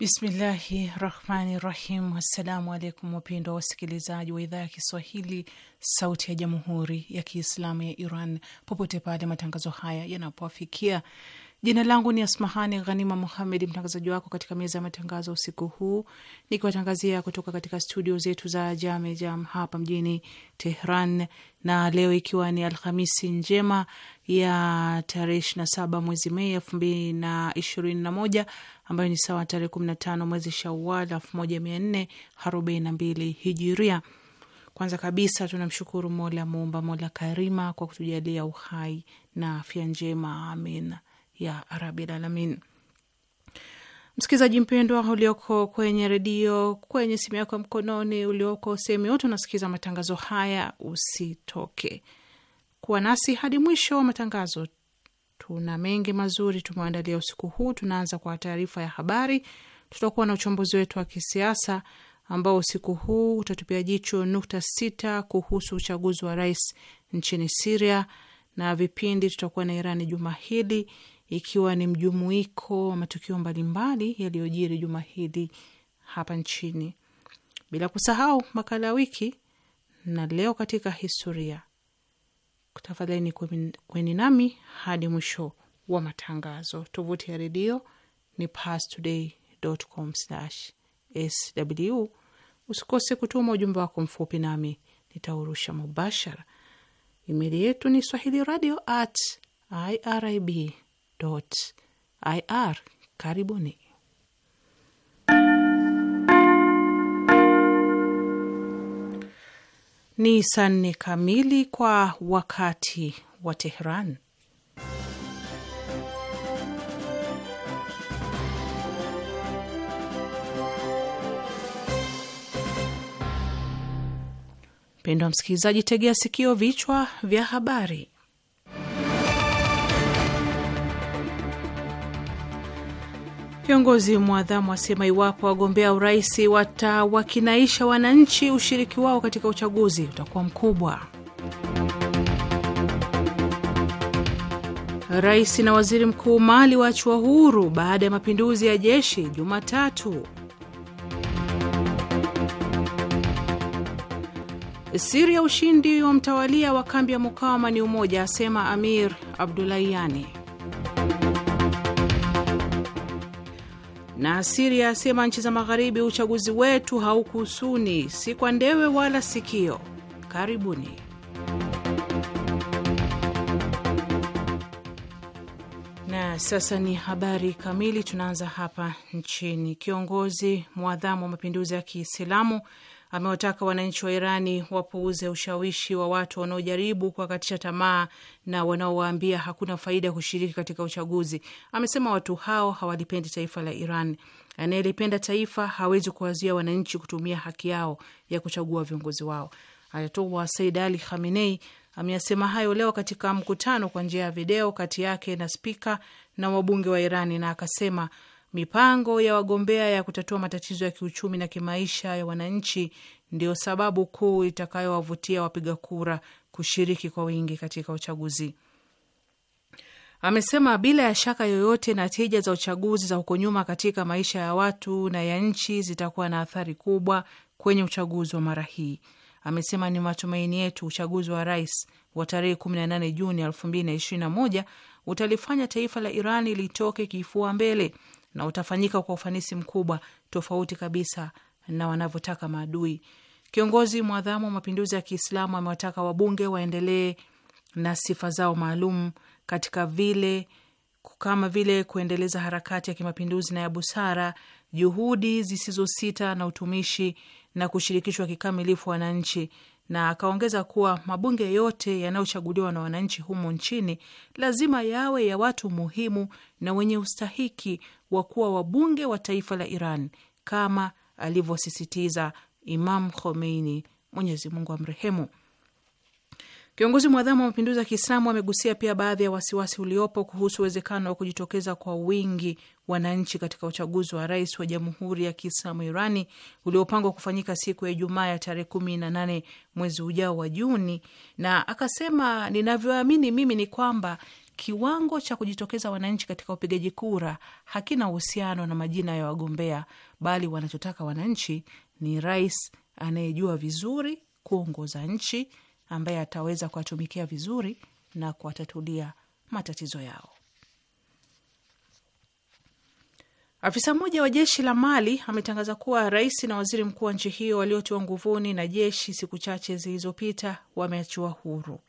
Bismillahi rahmani rahim. Assalamu alaikum wapendwa wasikilizaji wa idhaa ya Kiswahili sauti ya jamhuri ya Kiislamu ya Iran popote pale matangazo haya yanapoafikia Jina langu ni Asmahani Ghanima Muhamed, mtangazaji wako katika meza ya matangazo usiku huu, nikiwatangazia kutoka katika studio zetu za Jame Jam hapa mjini Tehran, na leo ikiwa ni Alhamisi njema ya tarehe 27 mwezi Mei elfu mbili na ishirini na moja ambayo ni sawa tarehe 15 mwezi Shawal mbili Hijiria. Kwanza kabisa tunamshukuru Mola Muumba, Mola Karima, kwa kutujalia uhai na afya njema, amin ya rabil alamin. Msikilizaji mpendwa ulioko kwenye redio, kwenye simu yako ya mkononi, ulioko sehemu yote unasikiza matangazo haya, usitoke kuwa nasi hadi mwisho wa matangazo Tuna mengi mazuri tumeandalia usiku huu. Tunaanza kwa taarifa ya habari. Tutakuwa na uchambuzi wetu wa kisiasa ambao usiku huu utatupia jicho nukta sita kuhusu uchaguzi wa rais nchini Siria, na vipindi tutakuwa na Irani juma hili, ikiwa ni mjumuiko wa matukio mbalimbali yaliyojiri juma hili hapa nchini, bila kusahau makala ya wiki na leo katika historia tafadhalini kweni nami hadi mwisho wa matangazo. Tovuti ya redio ni pastoday.com/sw. Usikose kutuma ujumbe wako mfupi, nami nitaurusha mubashara. Imeli yetu ni swahili radio at irib ir. Karibuni. Ni saa nne kamili kwa wakati wa Tehran. Mpendwa msikilizaji, tegea sikio vichwa vya habari. Viongozi mwadhamu wasema iwapo wagombea urais watawakinaisha wananchi, ushiriki wao katika uchaguzi utakuwa mkubwa. Rais na waziri mkuu Mali waachiwa huru baada ya mapinduzi ya jeshi Jumatatu. Siri ya ushindi wa mtawalia wa kambi ya mukawama ni umoja, asema Amir Abdulayani. Na Siria asema nchi za magharibi, uchaguzi wetu haukuhusuni, si kwa ndewe wala sikio. Karibuni. Na sasa ni habari kamili. Tunaanza hapa nchini. Kiongozi mwadhamu wa mapinduzi ya Kiislamu amewataka wananchi wa Irani wapuuze ushawishi wa watu wanaojaribu kuwakatisha tamaa na wanaowaambia hakuna faida ya kushiriki katika uchaguzi. Amesema watu hao hawalipendi taifa la Iran. Anayelipenda taifa hawezi kuwazuia wananchi kutumia haki yao ya kuchagua viongozi wao. Ayatullah Said Ali Khamenei ameyasema hayo leo katika mkutano kwa njia ya video kati yake na spika na wabunge wa Irani, na akasema Mipango ya wagombea ya kutatua matatizo ya kiuchumi na kimaisha ya wananchi ndio sababu kuu itakayowavutia wapiga kura kushiriki kwa wingi katika uchaguzi. Amesema bila ya shaka yoyote, na tija za uchaguzi za huko nyuma katika maisha ya watu na ya nchi zitakuwa na athari kubwa kwenye uchaguzi wa mara hii. Amesema ni matumaini yetu uchaguzi wa rais wa tarehe 18 Juni 2021 utalifanya taifa la iran litoke kifua mbele na utafanyika kwa ufanisi mkubwa, tofauti kabisa na wanavyotaka maadui. Kiongozi mwadhamu wa mapinduzi ya Kiislamu amewataka wabunge waendelee na sifa zao maalum katika vile kama vile kuendeleza harakati ya kimapinduzi na ya busara, juhudi zisizosita na utumishi na kushirikishwa kikamilifu wananchi na akaongeza kuwa mabunge yote yanayochaguliwa na wananchi humo nchini lazima yawe ya watu muhimu na wenye ustahiki wa kuwa wabunge wa taifa la Iran kama alivyosisitiza Imam Khomeini, Mwenyezi Mungu amrehemu. Kiongozi mwadhamu wa mapinduzi ya Kiislamu amegusia pia baadhi ya wasiwasi uliopo kuhusu uwezekano wa kujitokeza kwa wingi wananchi katika uchaguzi wa rais wa Jamhuri ya Kiislamu Irani uliopangwa kufanyika siku ya Ijumaa ya tarehe kumi na nane mwezi ujao wa Juni, na akasema, ninavyoamini mimi ni kwamba kiwango cha kujitokeza wananchi katika upigaji kura hakina uhusiano na majina ya wagombea, bali wanachotaka wananchi ni rais anayejua vizuri kuongoza nchi ambaye ataweza kuwatumikia vizuri na kuwatatulia matatizo yao. Afisa mmoja wa jeshi la Mali ametangaza kuwa rais na waziri mkuu wa nchi hiyo waliotiwa nguvuni na jeshi siku chache zilizopita wameachiwa huru.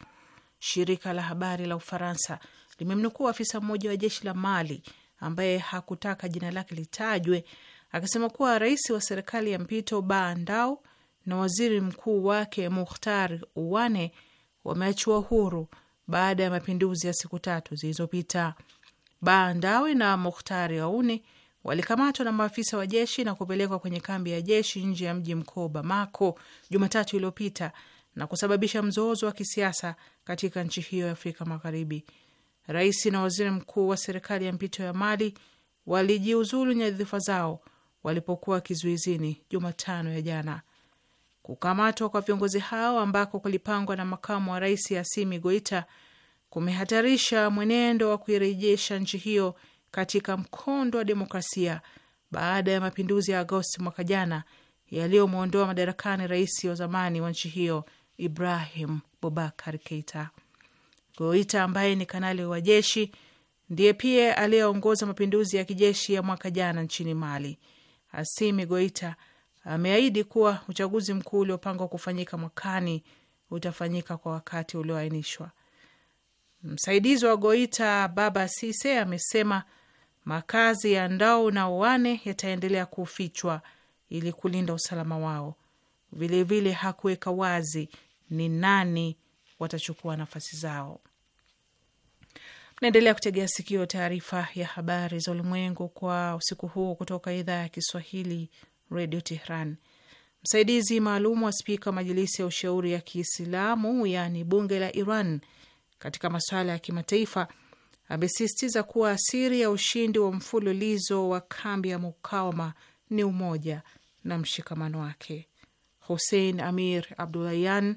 Shirika la habari la Ufaransa limemnukuu afisa mmoja wa jeshi la Mali ambaye hakutaka jina lake litajwe akisema kuwa rais wa serikali ya mpito Ba Ndao na waziri mkuu wake Mukhtar Wane wameachiwa huru baada ya mapinduzi ya siku tatu zilizopita. Baa na Mukhtari Auni walikamatwa na maafisa wa jeshi na kupelekwa kwenye kambi ya jeshi nje ya mji mkuu Bamako Jumatatu iliyopita na kusababisha mzozo wa kisiasa katika nchi hiyo ya Afrika Magharibi. Rais na waziri mkuu wa serikali ya mpito ya Mali walijiuzulu nyadhifa zao walipokuwa kizuizini Jumatano ya jana. Kukamatwa kwa viongozi hao ambako kulipangwa na makamu wa rais Asimi Goita kumehatarisha mwenendo wa kuirejesha nchi hiyo katika mkondo wa demokrasia baada ya mapinduzi ya Agosti mwaka jana yaliyomwondoa madarakani rais wa zamani wa nchi hiyo Ibrahim Bobakar Keita. Goita ambaye ni kanali wa jeshi ndiye pia aliyeongoza mapinduzi ya kijeshi ya mwaka jana nchini Mali. Asimi Goita ameahidi kuwa uchaguzi mkuu uliopangwa kufanyika mwakani utafanyika kwa wakati ulioainishwa. Msaidizi wa Goita Baba Sise amesema makazi ya Ndau na Uane yataendelea kufichwa ili kulinda usalama wao. Vilevile hakuweka wazi ni nani watachukua nafasi zao. Naendelea kutegea sikio taarifa ya habari za ulimwengu kwa usiku huu kutoka idhaa ya Kiswahili Redio Tehran. Msaidizi maalum wa spika wa majilisi ya ushauri ya Kiislamu, yaani bunge la Iran, katika masuala ya kimataifa amesisitiza kuwa asiri ya ushindi wa mfululizo wa kambi ya mukawama ni umoja na mshikamano wake. Hussein Amir Abdulayan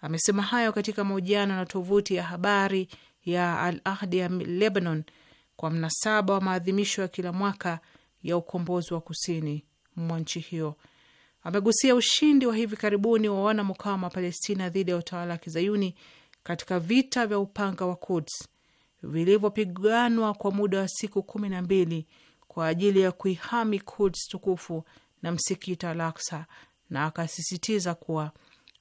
amesema hayo katika mahojiano na tovuti ya habari ya Al Ahdi ya Lebanon kwa mnasaba wa maadhimisho ya kila mwaka ya ukombozi wa kusini mwa nchi hiyo. Amegusia ushindi wa hivi karibuni wa wanamkawama wa Palestina dhidi ya utawala wa kizayuni katika vita vya upanga wa Kuds vilivyopiganwa kwa muda wa siku kumi na mbili kwa ajili ya kuihami Kuds tukufu na msikita Al-Aqsa, na akasisitiza kuwa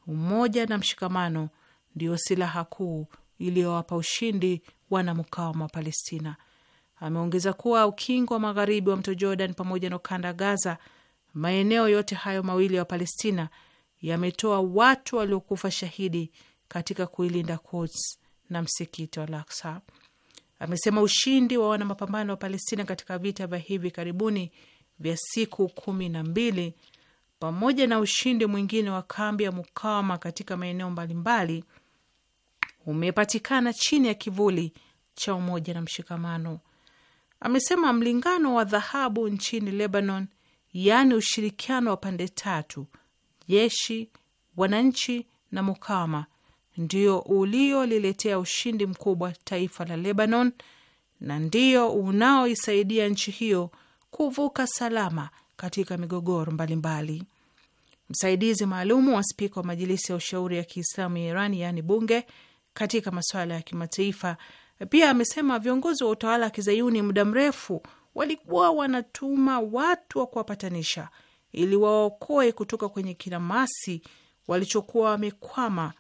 umoja na mshikamano ndiyo silaha kuu iliyowapa ushindi wanamkawama wa Palestina. Ameongeza kuwa ukingo wa magharibi wa mto Jordan pamoja na ukanda Gaza Maeneo yote hayo mawili ya Palestina yametoa watu waliokufa shahidi katika kuilinda Quds na msikiti wa Al-Aqsa. Amesema ushindi wa wana mapambano wa Palestina katika vita vya hivi karibuni vya siku kumi na mbili pamoja na ushindi mwingine wa kambi ya mukawama katika maeneo mbalimbali umepatikana chini ya kivuli cha umoja na mshikamano. Amesema mlingano wa dhahabu nchini Lebanon yaani ushirikiano wa pande tatu, jeshi, wananchi na mukawama, ndio ulioliletea ushindi mkubwa taifa la Lebanon na ndio unaoisaidia nchi hiyo kuvuka salama katika migogoro mbalimbali Msaidizi maalumu wa spika wa Majilisi ya Ushauri ya Kiislamu ya Iran yaani bunge katika masuala ya kimataifa pia amesema viongozi wa utawala wa kizayuni muda mrefu walikuwa wanatuma watu wa kuwapatanisha ili waokoe kutoka kwenye kinamasi walichokuwa wamekwama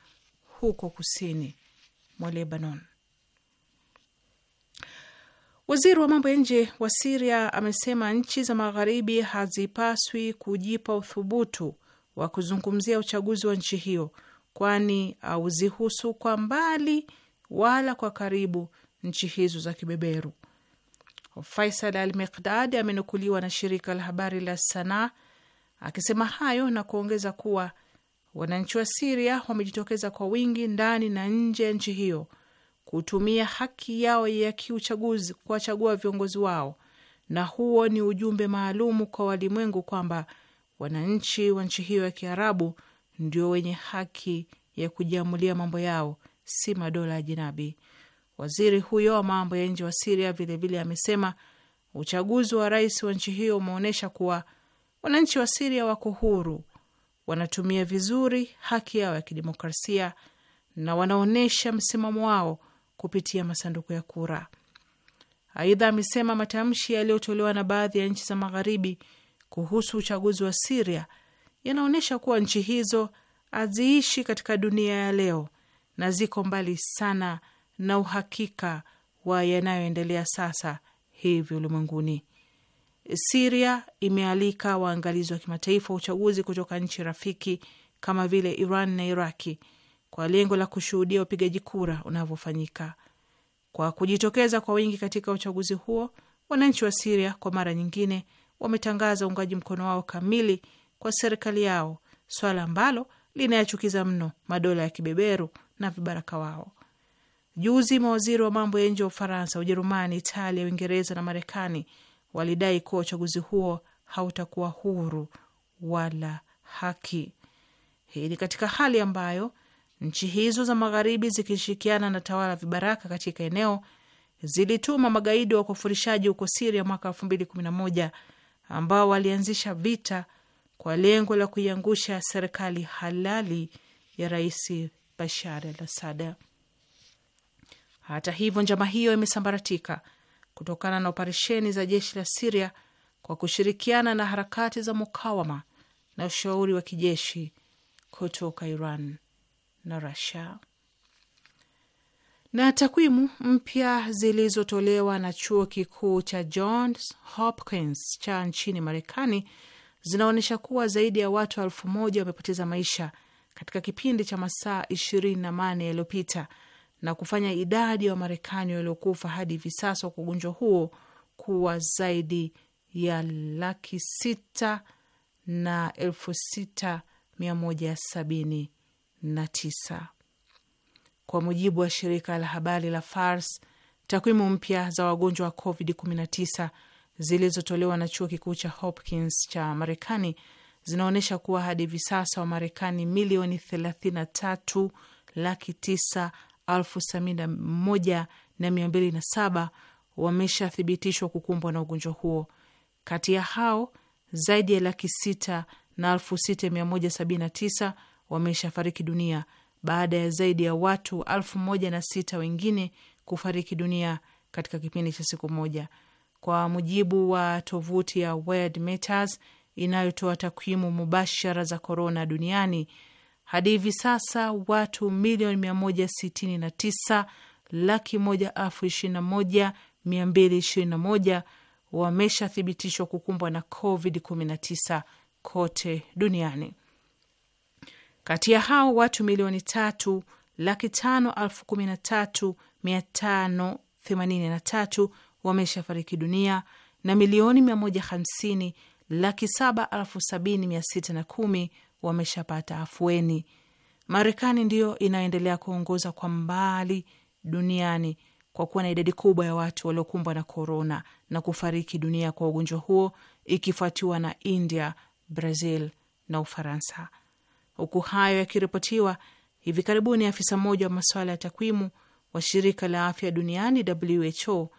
huko kusini mwa Lebanon. Waziri wa mambo ya nje wa Siria amesema nchi za magharibi hazipaswi kujipa uthubutu wa kuzungumzia uchaguzi wa nchi hiyo, kwani hauzihusu kwa mbali wala kwa karibu nchi hizo za kibeberu. Faisal Al Miqdad amenukuliwa na shirika la habari la Sanaa akisema hayo na kuongeza kuwa wananchi wa Siria wamejitokeza kwa wingi ndani na nje ya nchi hiyo kutumia haki yao ya kiuchaguzi kuwachagua viongozi wao, na huo ni ujumbe maalumu kwa walimwengu kwamba wananchi wa nchi hiyo ya Kiarabu ndio wenye haki ya kujiamulia mambo yao, si madola ya jinabi. Waziri huyo wa mambo ya nje wa Siria vilevile amesema uchaguzi wa rais wa nchi hiyo umeonyesha kuwa wananchi wa Siria wako huru, wanatumia vizuri haki yao ya kidemokrasia na wanaonyesha msimamo wao kupitia masanduku ya kura. Aidha amesema matamshi yaliyotolewa na baadhi ya nchi za magharibi kuhusu uchaguzi wa Siria yanaonyesha kuwa nchi hizo haziishi katika dunia ya leo na ziko mbali sana na uhakika wa yanayoendelea sasa hivi ulimwenguni. Siria imealika waangalizi wa kimataifa wa uchaguzi kutoka nchi rafiki kama vile Iran na Iraki kwa lengo la kushuhudia upigaji kura unavyofanyika. Kwa kujitokeza kwa wingi katika uchaguzi huo, wananchi wa Siria kwa mara nyingine wametangaza uungaji mkono wao kamili kwa serikali yao, swala ambalo linayachukiza mno madola ya kibeberu na vibaraka wao. Juzi mawaziri wa mambo ya nje wa Ufaransa, Ujerumani, Italia, Uingereza na Marekani walidai kuwa uchaguzi huo hautakuwa huru wala haki. Hii ni katika hali ambayo nchi hizo za magharibi zikishirikiana na tawala vibaraka katika eneo zilituma magaidi wa kufurishaji huko Siria mwaka elfu mbili kumi na moja ambao walianzisha vita kwa lengo la kuiangusha serikali halali ya Rais Bashar al Assad. Hata hivyo, njama hiyo imesambaratika kutokana na operesheni za jeshi la Siria kwa kushirikiana na harakati za mukawama na ushauri wa kijeshi kutoka Iran na rusia Na takwimu mpya zilizotolewa na chuo kikuu cha Johns Hopkins cha nchini Marekani zinaonyesha kuwa zaidi ya watu elfu moja wamepoteza maisha katika kipindi cha masaa 24 yaliyopita na kufanya idadi ya wa Wamarekani waliokufa hadi hivi sasa kwa ugonjwa huo kuwa zaidi ya laki sita na elfu sita mia moja sabini na tisa kwa mujibu wa shirika la habari la Fars. Takwimu mpya za wagonjwa wa Covid 19 zilizotolewa na chuo kikuu cha Hopkins cha Marekani zinaonyesha kuwa hadi hivi sasa Wamarekani milioni 33 laki 9 elfu sabini na moja na mia mbili na saba wameshathibitishwa kukumbwa na ugonjwa huo. Kati ya hao zaidi ya laki sita na elfu sita mia moja sabini na tisa wameshafariki dunia baada ya zaidi ya watu elfu moja na sita wengine kufariki dunia katika kipindi cha siku moja, kwa mujibu wa tovuti ya World Meters inayotoa takwimu mubashara za korona duniani. Hadi hivi sasa watu milioni mia moja sitini na tisa laki moja elfu ishirini na moja mia mbili ishirini na moja wameshathibitishwa kukumbwa na COVID 19 kote duniani. Kati ya hao watu milioni tatu laki tano elfu kumi na tatu mia tano themanini na tatu wameshafariki dunia na milioni mia moja hamsini laki saba elfu sabini mia sita na kumi wameshapata afueni. Marekani ndiyo inaendelea kuongoza kwa mbali duniani kwa kuwa na idadi kubwa ya watu waliokumbwa na korona na kufariki dunia kwa ugonjwa huo ikifuatiwa na India, Brazil na Ufaransa. Huku hayo yakiripotiwa, hivi karibuni afisa mmoja wa masuala ya takwimu wa shirika la afya duniani WHO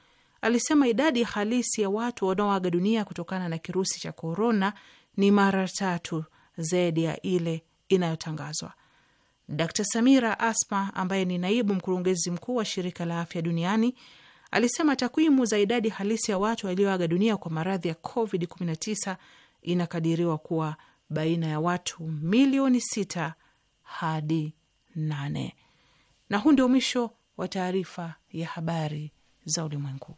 alisema idadi halisi ya watu wanaoaga dunia kutokana na kirusi cha korona ni mara tatu zaidi ya ile inayotangazwa. Dkt Samira Asma, ambaye ni naibu mkurugenzi mkuu wa shirika la afya duniani, alisema takwimu za idadi halisi ya watu walioaga dunia kwa maradhi ya COVID-19 inakadiriwa kuwa baina ya watu milioni sita hadi nane. Na huu ndio mwisho wa taarifa ya habari za ulimwengu.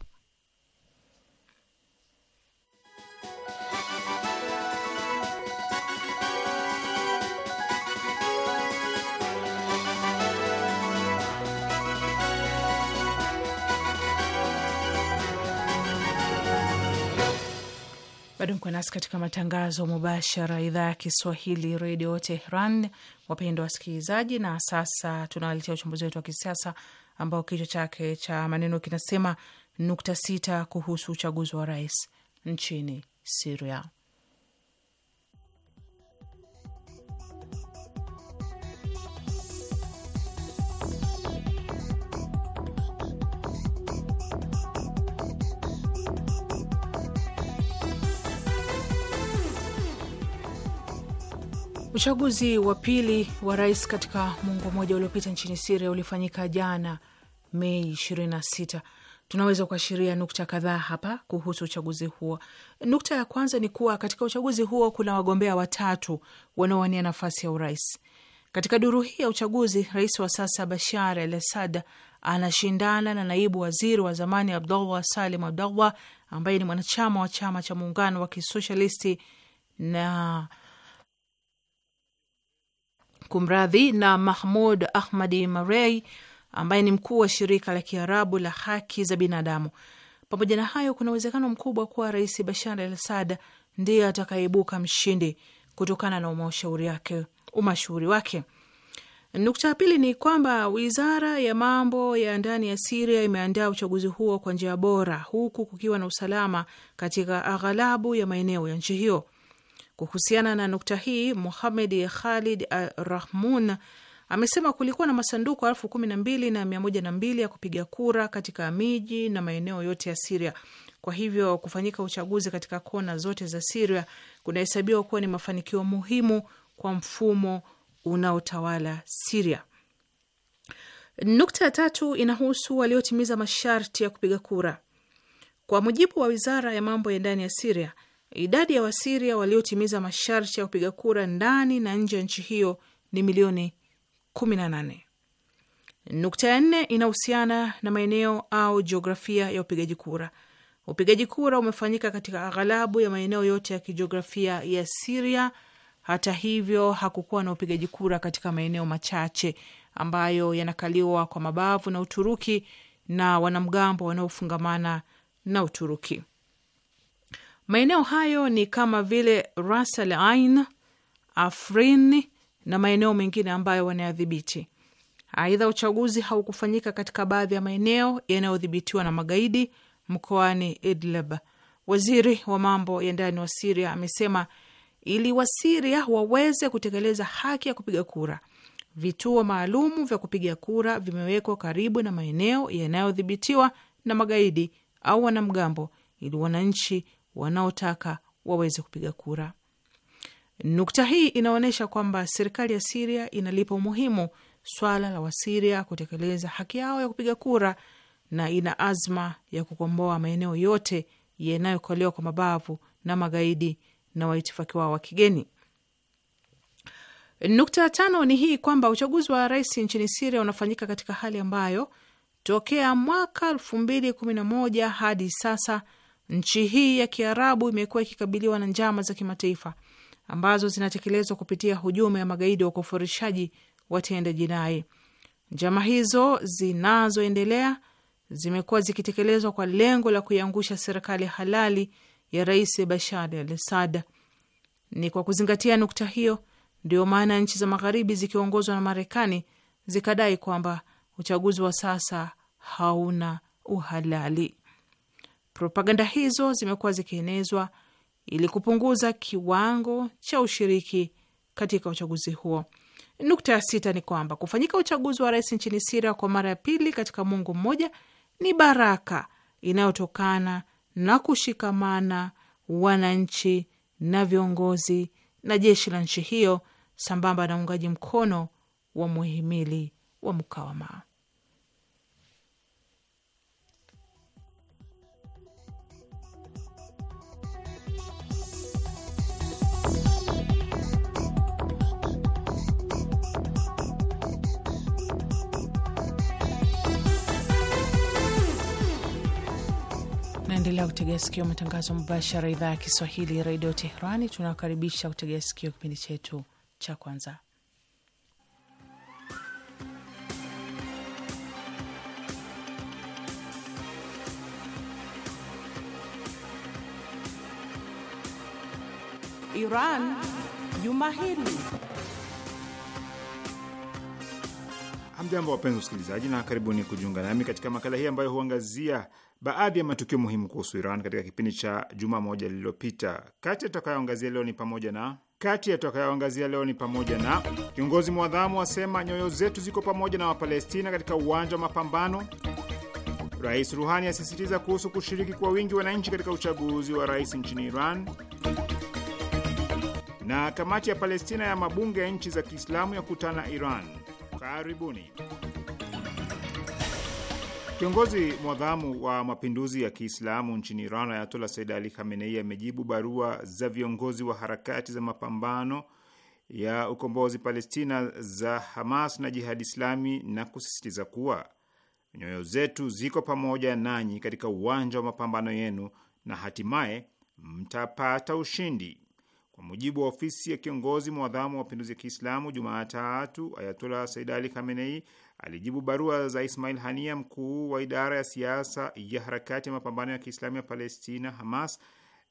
Bado mko nasi katika matangazo mubashara, idhaa ya Kiswahili redio Tehran, wapendwa wasikilizaji. Na sasa tunawaletea uchambuzi wetu wa kisiasa ambao kichwa chake cha maneno kinasema nukta sita kuhusu uchaguzi wa rais nchini Siria. Uchaguzi wa pili wa rais katika muongo mmoja uliopita nchini Siria ulifanyika jana Mei 26. Tunaweza kuashiria nukta kadhaa hapa kuhusu uchaguzi huo. Nukta ya kwanza ni kuwa katika uchaguzi huo kuna wagombea watatu wanaowania nafasi ya urais. Katika duru hii ya uchaguzi, rais wa sasa Bashar al Asad anashindana na naibu waziri wa zamani Abdullah Salim Abdullah ambaye ni mwanachama wa chama cha muungano wa kisosialisti na kumradhi, na Mahmud Ahmadi Marei ambaye ni mkuu wa shirika la Kiarabu la haki za binadamu. Pamoja na hayo, kuna uwezekano mkubwa kuwa Rais Bashar al Assad ndiye atakayeibuka mshindi kutokana na umashauri wake, umashauri wake. Nukta ya pili ni kwamba wizara ya mambo ya ndani ya Siria imeandaa uchaguzi huo kwa njia bora, huku kukiwa na usalama katika aghalabu ya maeneo ya nchi hiyo. Kuhusiana na nukta hii, Muhamed Khalid Rahmun amesema kulikuwa na masanduku elfu kumi na mbili na mia moja na mbili ya kupiga kura katika miji na maeneo yote ya Siria. Kwa hivyo kufanyika uchaguzi katika kona zote za Siria kunahesabiwa kuwa ni mafanikio muhimu kwa mfumo unaotawala Siria. Nukta ya tatu inahusu waliotimiza masharti ya kupiga kura. Kwa mujibu wa wizara ya mambo ya ndani ya Siria, Idadi ya Wasiria waliotimiza masharti ya kupiga kura ndani na nje ya nchi hiyo ni milioni 18. Nukta ya nne inahusiana na maeneo au jiografia ya upigaji kura. Upigaji kura umefanyika katika aghalabu ya maeneo yote ya kijiografia ya Siria. Hata hivyo, hakukuwa na upigaji kura katika maeneo machache ambayo yanakaliwa kwa mabavu na Uturuki na wanamgambo wanaofungamana na Uturuki. Maeneo hayo ni kama vile Ras al Ain, Afrin na maeneo mengine ambayo wanayadhibiti. Aidha, uchaguzi haukufanyika katika baadhi ya maeneo yanayodhibitiwa na magaidi mkoani Idlib. Waziri wa mambo ya ndani wa Siria amesema ili Wasiria waweze kutekeleza haki ya kupiga kura, vituo maalumu vya kupiga kura vimewekwa karibu na maeneo yanayodhibitiwa na magaidi au wanamgambo, ili wananchi wanaotaka waweze kupiga kura. Nukta hii inaonyesha kwamba serikali ya Siria inalipa umuhimu swala la Wasiria kutekeleza haki yao ya kupiga kura na ina azma ya kukomboa maeneo yote yanayokaliwa kwa mabavu na magaidi na waitifaki wao wa kigeni. Nukta ya tano ni hii kwamba uchaguzi wa rais nchini Siria unafanyika katika hali ambayo tokea mwaka elfu mbili kumi na moja hadi sasa Nchi hii ya Kiarabu imekuwa ikikabiliwa na njama za kimataifa ambazo zinatekelezwa kupitia hujuma ya magaidi wa ukufurishaji watenda jinai. Njama hizo zinazoendelea zimekuwa zikitekelezwa kwa lengo la kuiangusha serikali halali ya Rais Bashar al Assad. Ni kwa kuzingatia nukta hiyo ndio maana nchi za Magharibi zikiongozwa na Marekani zikadai kwamba uchaguzi wa sasa hauna uhalali. Propaganda hizo zimekuwa zikienezwa ili kupunguza kiwango cha ushiriki katika uchaguzi huo. Nukta ya sita ni kwamba kufanyika uchaguzi wa rais nchini Siria kwa mara ya pili katika muongo mmoja ni baraka inayotokana na kushikamana wananchi na viongozi na jeshi la nchi hiyo sambamba na uungaji mkono wa muhimili wa mkawama Unaendelea kutegea sikio matangazo mubashara idhaa ya Kiswahili redio Teherani. Tunawakaribisha kutegea sikio kipindi chetu cha kwanza Iran juma hili. Hamjambo wapenzi usikilizaji, na karibuni kujiunga nami katika makala hii ambayo huangazia baadhi ya matukio muhimu kuhusu Iran katika kipindi cha juma moja lililopita. Kati ya tutakayoangazia leo ni pamoja na kati ya tutakayoangazia leo ni pamoja na kiongozi mwadhamu asema nyoyo zetu ziko pamoja na Wapalestina katika uwanja wa mapambano. Rais Ruhani asisitiza kuhusu kushiriki kwa wingi wananchi katika uchaguzi wa rais nchini Iran, na kamati ya Palestina ya mabunge ya nchi za Kiislamu ya kutana Iran. Karibuni. Kiongozi mwadhamu wa mapinduzi ya Kiislamu nchini Iran, Ayatola Said Ali Khamenei amejibu barua za viongozi wa harakati za mapambano ya ukombozi Palestina za Hamas na Jihadi Islami na kusisitiza kuwa nyoyo zetu ziko pamoja nanyi katika uwanja wa mapambano yenu na hatimaye mtapata ushindi. Kwa mujibu wa ofisi ya kiongozi mwadhamu wa mapinduzi ya Kiislamu, Jumatatu, Ayatola Said Ali Khamenei alijibu barua za Ismail Hania, mkuu wa idara ya siasa ya harakati ya mapambano ya Kiislamu ya Palestina, Hamas,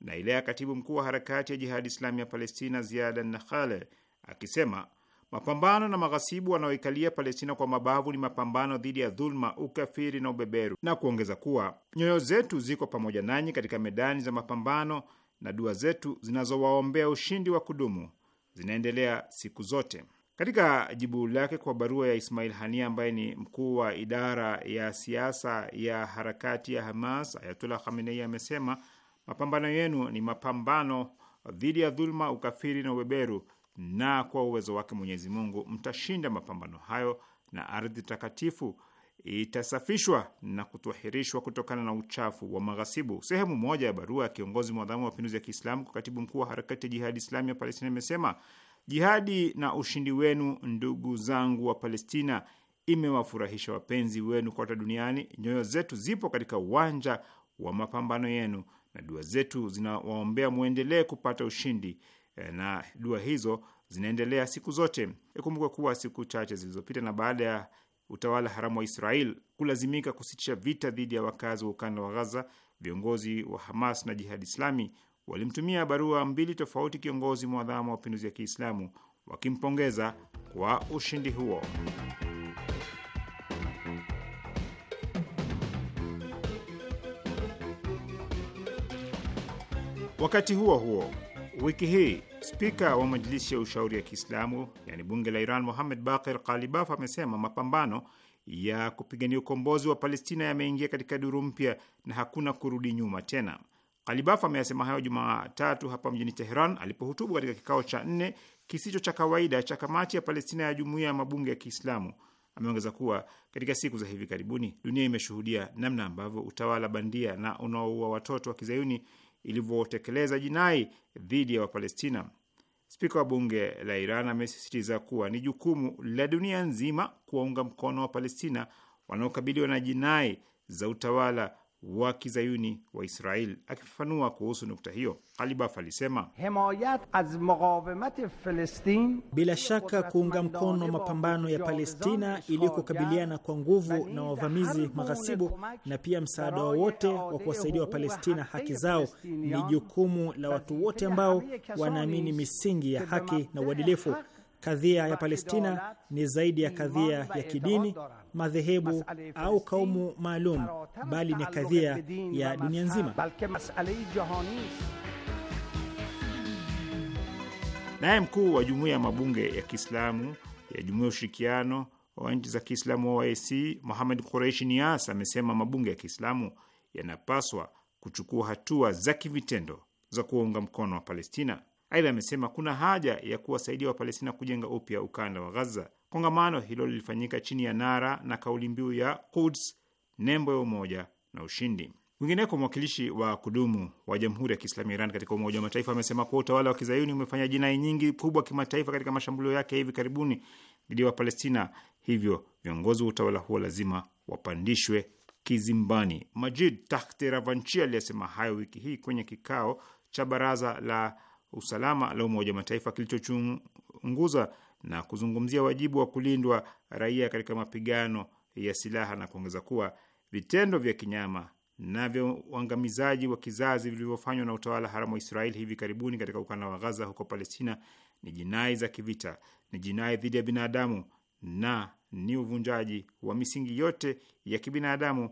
na ile ya katibu mkuu wa harakati ya Jihadi Islami ya Palestina, Ziada Nakhale, akisema mapambano na maghasibu wanaoikalia Palestina kwa mabavu ni mapambano dhidi ya dhulma ukafiri na ubeberu, na kuongeza kuwa nyoyo zetu ziko pamoja nanyi katika medani za mapambano na dua zetu zinazowaombea ushindi wa kudumu zinaendelea siku zote. Katika jibu lake kwa barua ya Ismail Hania ambaye ni mkuu wa idara ya siasa ya harakati ya Hamas, Ayatullah Khamenei amesema mapambano yenu ni mapambano dhidi ya dhuluma, ukafiri na ubeberu, na kwa uwezo wake Mwenyezi Mungu mtashinda mapambano hayo na ardhi takatifu itasafishwa na kutohirishwa kutokana na uchafu wa maghasibu. Sehemu moja ya barua ya kiongozi mwadhamu wa mapinduzi ya Kiislamu kwa katibu mkuu wa harakati ya Jihadi Islami ya Palestina imesema Jihadi na ushindi wenu, ndugu zangu wa Palestina, imewafurahisha wapenzi wenu kote duniani. Nyoyo zetu zipo katika uwanja wa mapambano yenu, na dua zetu zinawaombea mwendelee kupata ushindi, eh, na dua hizo zinaendelea siku zote. Ikumbuke kuwa siku chache zilizopita na baada ya utawala haramu wa Israel kulazimika kusitisha vita dhidi ya wakazi wa ukanda wa Gaza, viongozi wa Hamas na Jihadi Islami walimtumia barua mbili tofauti kiongozi mwadhamu wa mapinduzi ya Kiislamu wakimpongeza kwa ushindi huo. Wakati huo huo, wiki hii spika wa majilisi ya ushauri ya Kiislamu yani bunge la Iran, Mohamed Baqir qalibaf amesema mapambano ya kupigania ukombozi wa Palestina yameingia katika duru mpya na hakuna kurudi nyuma tena. Kalibaf ameyasema hayo Jumatatu hapa mjini Teheran alipohutubu katika kikao cha nne kisicho cha kawaida cha kamati ya Palestina ya Jumuiya ya Mabunge ya Kiislamu. Ameongeza kuwa katika siku za hivi karibuni dunia imeshuhudia namna ambavyo utawala bandia na unaoua watoto wa kizayuni ilivyotekeleza jinai dhidi ya Wapalestina. Spika wa bunge la Iran amesisitiza kuwa ni jukumu la dunia nzima kuwaunga mkono wa Palestina wanaokabiliwa na jinai za utawala wa kizayuni wa Israel. Akifafanua kuhusu nukta hiyo, Kalibaf alisema bila shaka kuunga mkono mapambano ya Palestina ili kukabiliana kwa nguvu na wavamizi maghasibu, na pia msaada wowote wa kuwasaidia Wapalestina haki zao ni jukumu la watu wote ambao wanaamini misingi ya haki na uadilifu. Kadhia ya Palestina ni zaidi ya kadhia ya kidini, madhehebu au kaumu maalum, bali ni kadhia ya dunia nzima. Naye mkuu wa jumuiya ya mabunge ya Kiislamu ya jumuiya ya ushirikiano wa nchi za Kiislamu wa OIC Muhamed Qureishi Nias amesema mabunge ya Kiislamu yanapaswa kuchukua hatua za kivitendo za kuwaunga mkono wa Palestina. Aidha amesema kuna haja ya kuwasaidia Wapalestina kujenga upya ukanda wa Gaza. Kongamano hilo lilifanyika chini ya nara na kauli mbiu ya Quds, nembo ya umoja na ushindi. Kwingineko, mwakilishi wa kudumu wa Jamhuri ya Kiislamu ya Iran katika Umoja wa Mataifa amesema kuwa utawala wa kizayuni umefanya jinai nyingi kubwa kimataifa katika mashambulio yake hivi karibuni dhidi ya Wapalestina, hivyo viongozi wa utawala huo lazima wapandishwe kizimbani. Majid Takhti Ravanchi aliyesema hayo wiki hii kwenye kikao cha baraza la usalama la Umoja wa Mataifa kilichochunguza na kuzungumzia wajibu wa kulindwa raia katika mapigano ya silaha na kuongeza kuwa vitendo vya kinyama na vya uangamizaji wa kizazi vilivyofanywa na utawala haramu wa Israeli hivi karibuni katika ukanda wa Gaza huko Palestina ni jinai za kivita, ni jinai dhidi ya binadamu na ni uvunjaji wa misingi yote ya kibinadamu,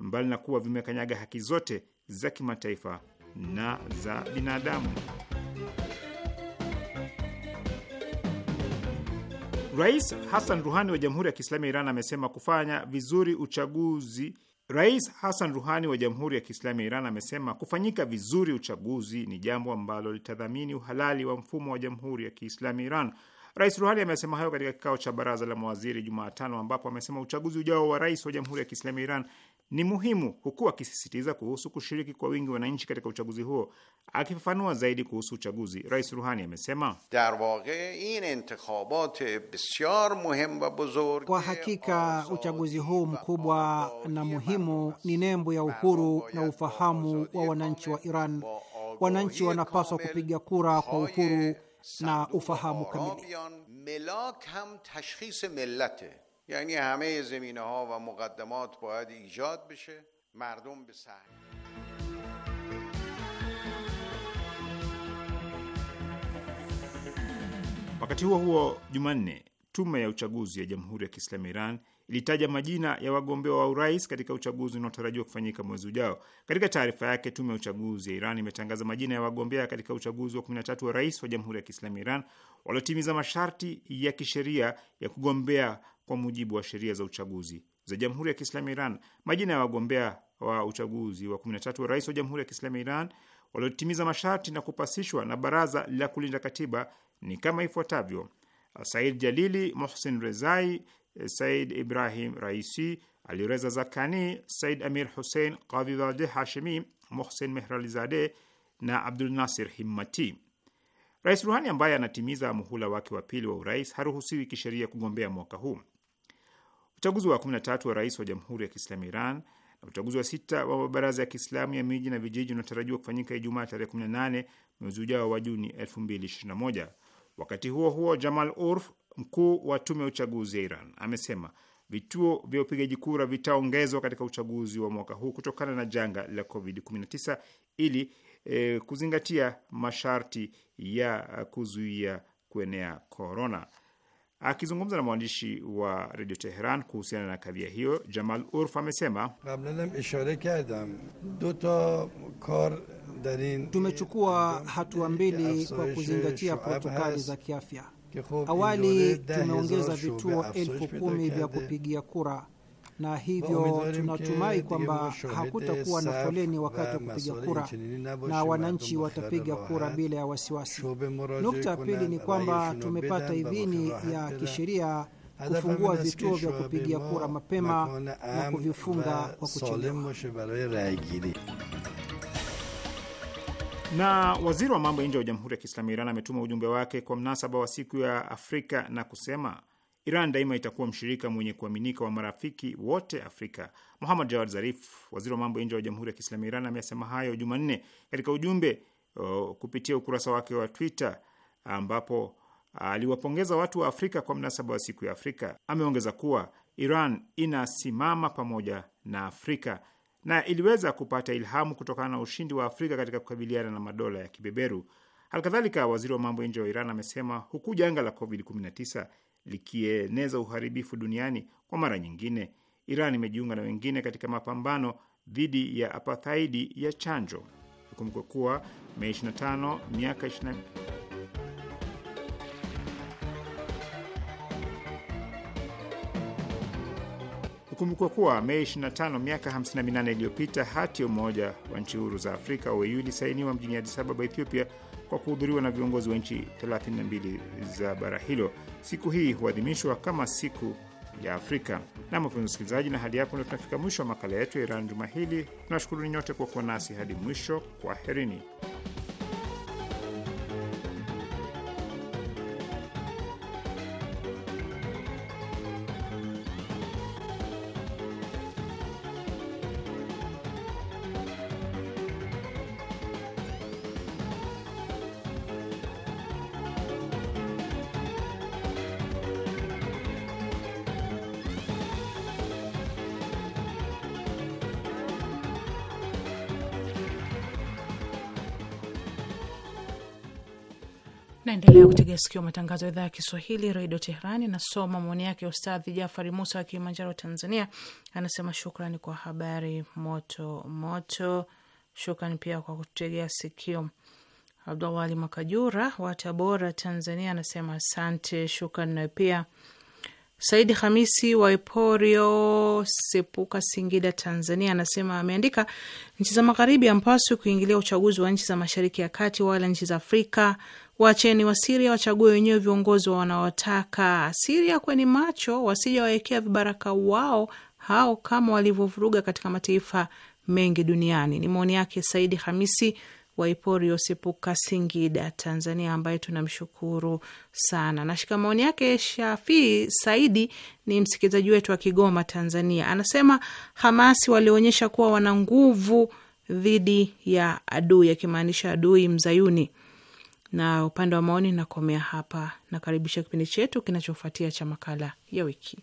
mbali na kuwa vimekanyaga haki zote za kimataifa na za binadamu. Rais Hassan Ruhani wa Jamhuri ya Kiislamu ya Iran amesema kufanya vizuri uchaguzi. Rais Hassan Ruhani wa Jamhuri ya Kiislamu ya Iran amesema kufanyika vizuri uchaguzi ni jambo ambalo litadhamini uhalali wa mfumo wa Jamhuri ya Kiislamu ya Iran. Rais Ruhani amesema hayo katika kikao cha baraza la mawaziri Jumatano, ambapo amesema uchaguzi ujao wa rais wa Jamhuri ya Kiislamu ya Iran ni muhimu, huku akisisitiza kuhusu kushiriki kwa wingi wananchi katika uchaguzi huo. Akifafanua zaidi kuhusu uchaguzi, Rais Ruhani amesema kwa hakika uchaguzi huu mkubwa na muhimu ni nembo ya uhuru na ufahamu wa wananchi wa Iran. Wananchi wanapaswa kupiga kura kwa uhuru na ufahamu kamili. یعنی همه زمینه ها و مقدمات باید ایجاد بشه مردم به سعی Wakati huo huo, Jumanne, tume ya uchaguzi ya Jamhuri ya Kiislamu Iran ilitaja majina ya wagombea wa urais katika uchaguzi unaotarajiwa kufanyika mwezi ujao. Katika taarifa yake, tume ya uchaguzi ya Iran imetangaza majina ya wagombea katika uchaguzi wa 13 wa rais wa Jamhuri ya Kiislamu Iran waliotimiza masharti ya kisheria ya kugombea kwa mujibu wa sheria za uchaguzi za Jamhuri ya Kiislamu Iran. Majina ya wagombea wa uchaguzi wa 13 wa rais wa Jamhuri ya Kiislamu Iran waliotimiza masharti na kupasishwa na Baraza la Kulinda Katiba ni kama ifuatavyo: Said Jalili, Mohsen Rezai, Said Ibrahim Raisi, Alireza Zakani, Said Amir Hussein Qavivadeh Hashimi, Mohsen Mehralizadeh na Abdul Nasir Himmati. Rais Ruhani ambaye anatimiza muhula wake wa pili wa urais haruhusiwi kisheria kugombea mwaka huu uchaguzi wa 13 wa rais wa Jamhuri ya Kiislamu Iran na uchaguzi wa sita wa mabaraza ya Kiislamu ya miji na vijiji unatarajiwa kufanyika Ijumaa tarehe 18 mwezi ujao wa Juni 2021. Wakati huo huo, Jamal Urf, mkuu wa tume ya uchaguzi ya Iran, amesema vituo vya upigaji kura vitaongezwa katika uchaguzi wa mwaka huu kutokana na janga la COVID-19 ili e, kuzingatia masharti ya kuzuia kuenea korona. Akizungumza na mwandishi wa redio Teheran kuhusiana na kadhia hiyo, Jamal Urf amesema tumechukua hatua mbili kwa kuzingatia protokali za kiafya. Awali tumeongeza vituo elfu kumi vya kupigia kura na hivyo tunatumai kwamba hakutakuwa na foleni wakati wa kupiga kura na wananchi watapiga kura bila ya wasiwasi. Nukta ya pili ni kwamba tumepata idhini ya kisheria kufungua vituo vya kupigia kura mapema na kuvifunga kwa kuchelewa. Na waziri wa mambo ya nje wa Jamhuri ya Kiislamu ya Iran ametuma ujumbe wake kwa mnasaba wa siku ya Afrika na kusema Iran daima itakuwa mshirika mwenye kuaminika wa marafiki wote Afrika. Muhammad Jawad Zarif, waziri wa mambo ya nje wa Jamhuri ya Kiislamu ya Iran, amesema hayo Jumanne katika ujumbe uh, kupitia ukurasa wake wa Twitter ambapo aliwapongeza uh, watu wa Afrika kwa mnasaba wa siku ya Afrika. Ameongeza kuwa Iran inasimama pamoja na Afrika na iliweza kupata ilhamu kutokana na ushindi wa Afrika katika kukabiliana na madola ya kibeberu. Halikadhalika, waziri wa mambo ya nje wa Iran amesema huku janga la COVID-19 likieneza uharibifu duniani. Kwa mara nyingine, Iran imejiunga na wengine katika mapambano dhidi ya apathaidi ya chanjo. Ikumbukwe kuwa Mei 25 miaka 20 Kumbukwa kuwa Mei 25 miaka 58 iliyopita hati ya Umoja wa Nchi Huru za Afrika au AU e, ilisainiwa mjini Addis Ababa, Ethiopia kwa kuhudhuriwa na viongozi wa nchi 32 za bara hilo. Siku hii huadhimishwa kama siku ya Afrika. Na mapenzi msikilizaji, na hali yapo ndio tunafika mwisho wa makala yetu ya Iran juma hili. Tunashukuru nyote kwa kuwa nasi hadi mwisho. kwa herini Tegea sikio matangazo ya idhaa ya Kiswahili redio Teherani. Nasoma maoni yake Ustadhi Jafari Musa wa Kilimanjaro, Tanzania. Anasema shukrani kwa habari moto moto. Shukrani pia kwa kutegea sikio. Abdulwali Makajura wa Tabora, Tanzania anasema asante. Shukrani nayo pia. Saidi Hamisi wa Iporio Sepuka, Singida, Tanzania anasema ameandika, nchi za magharibi hampaswi kuingilia uchaguzi wa nchi za mashariki ya kati wala nchi za Afrika Wacheni Wasiria wachague wenyewe viongozi wa wanaotaka. Siria kweni macho, waekea vibaraka wao hao kama walivyovuruga katika mataifa mengi duniani. Ni maoni yake Saidi Hamisi Waipori Iporio Singida, Tanzania, ambaye tunamshukuru sana. Nashika maoni yake Shafii Saidi, ni msikilizaji wetu wa Kigoma, Tanzania, anasema Hamasi walionyesha kuwa wana nguvu dhidi ya adui, akimaanisha adui mzayuni na upande wa maoni nakomea hapa. Nakaribisha kipindi chetu kinachofuatia cha makala ya wiki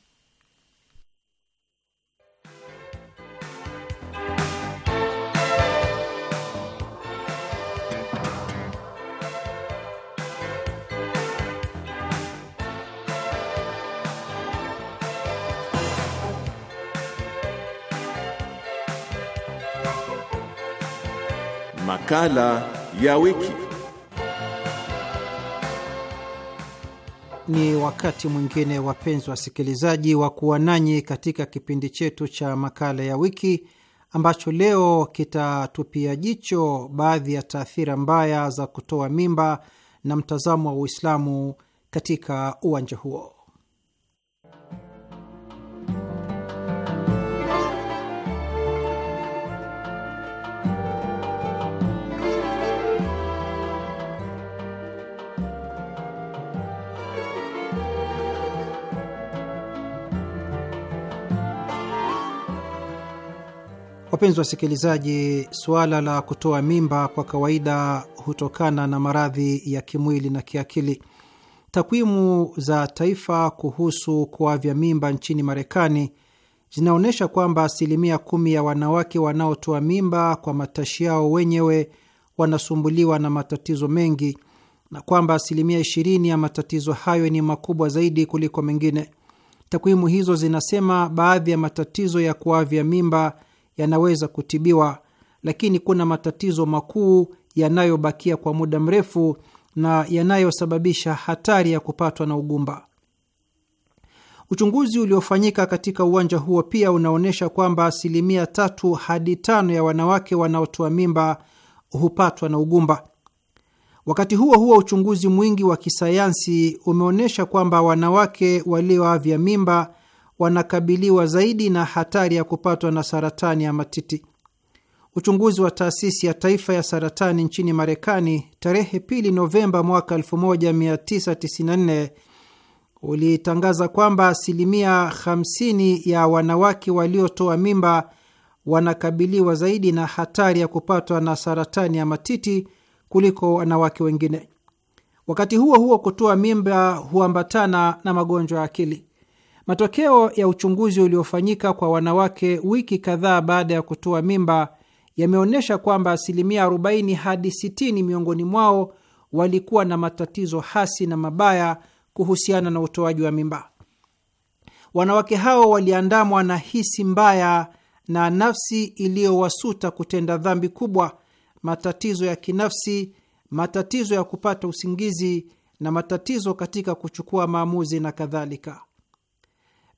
Makala ya wiki. ni wakati mwingine, wapenzi wasikilizaji, wa kuwa nanyi katika kipindi chetu cha makala ya wiki ambacho leo kitatupia jicho baadhi ya taathira mbaya za kutoa mimba na mtazamo wa Uislamu katika uwanja huo. Wapenzi wasikilizaji, suala la kutoa mimba kwa kawaida hutokana na maradhi ya kimwili na kiakili. Takwimu za taifa kuhusu kuavya mimba nchini Marekani zinaonyesha kwamba asilimia kumi ya wanawake wanaotoa mimba kwa matashi yao wenyewe wanasumbuliwa na matatizo mengi na kwamba asilimia ishirini ya matatizo hayo ni makubwa zaidi kuliko mengine. Takwimu hizo zinasema baadhi ya matatizo ya kuavya mimba yanaweza kutibiwa, lakini kuna matatizo makuu yanayobakia kwa muda mrefu na yanayosababisha hatari ya kupatwa na ugumba. Uchunguzi uliofanyika katika uwanja huo pia unaonyesha kwamba asilimia tatu hadi tano ya wanawake wanaotoa mimba hupatwa na ugumba. Wakati huo huo, uchunguzi mwingi wa kisayansi umeonyesha kwamba wanawake walioavya mimba wanakabiliwa zaidi na hatari ya kupatwa na saratani ya matiti. Uchunguzi wa taasisi ya taifa ya saratani nchini Marekani tarehe pili Novemba mwaka 1994 ulitangaza kwamba asilimia 50 ya wanawake waliotoa mimba wanakabiliwa zaidi na hatari ya kupatwa na saratani ya matiti kuliko wanawake wengine. Wakati huo huo, kutoa mimba huambatana na magonjwa ya akili. Matokeo ya uchunguzi uliofanyika kwa wanawake wiki kadhaa baada ya kutoa mimba yameonyesha kwamba asilimia 40 hadi 60 miongoni mwao walikuwa na matatizo hasi na mabaya kuhusiana na utoaji wa mimba. Wanawake hao waliandamwa na hisi mbaya na nafsi iliyowasuta kutenda dhambi kubwa, matatizo ya kinafsi, matatizo ya kupata usingizi na matatizo katika kuchukua maamuzi na kadhalika.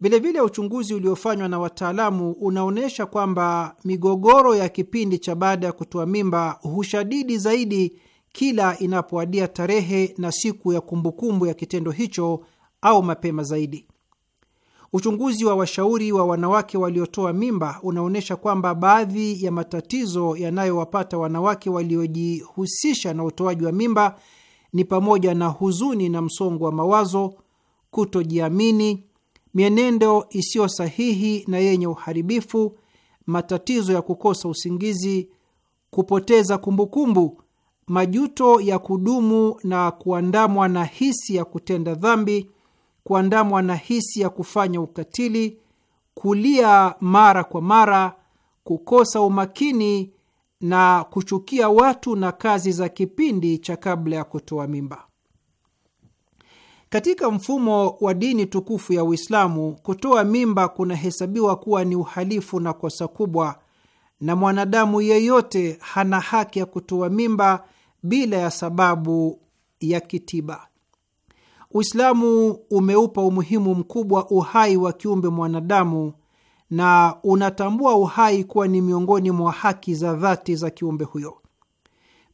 Vilevile, uchunguzi uliofanywa na wataalamu unaonyesha kwamba migogoro ya kipindi cha baada ya kutoa mimba hushadidi zaidi kila inapoadia tarehe na siku ya kumbukumbu ya kitendo hicho au mapema zaidi. Uchunguzi wa washauri wa wanawake waliotoa mimba unaonyesha kwamba baadhi ya matatizo yanayowapata wanawake waliojihusisha na utoaji wa mimba ni pamoja na huzuni na msongo wa mawazo, kutojiamini mienendo isiyo sahihi na yenye uharibifu, matatizo ya kukosa usingizi, kupoteza kumbukumbu, majuto ya kudumu na kuandamwa na hisi ya kutenda dhambi, kuandamwa na hisi ya kufanya ukatili, kulia mara kwa mara, kukosa umakini na kuchukia watu na kazi za kipindi cha kabla ya kutoa mimba. Katika mfumo wa dini tukufu ya Uislamu, kutoa mimba kunahesabiwa kuwa ni uhalifu na kosa kubwa, na mwanadamu yeyote hana haki ya kutoa mimba bila ya sababu ya kitiba. Uislamu umeupa umuhimu mkubwa uhai wa kiumbe mwanadamu na unatambua uhai kuwa ni miongoni mwa haki za dhati za kiumbe huyo.